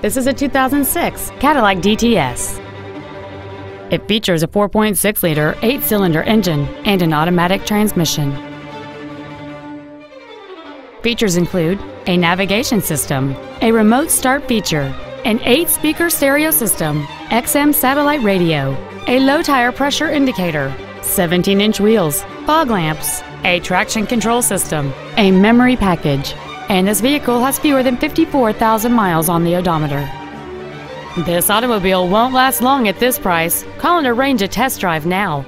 This is a 2006 Cadillac DTS. It features a 4.6-liter, eight-cylinder engine and an automatic transmission. Features include a navigation system, a remote start feature, an eight-speaker stereo system, XM satellite radio, a low-tire pressure indicator, 17-inch wheels, fog lamps, a traction control system, a memory package, and this vehicle has fewer than 54,000 miles on the odometer. This automobile won't last long at this price. Call and arrange a test drive now.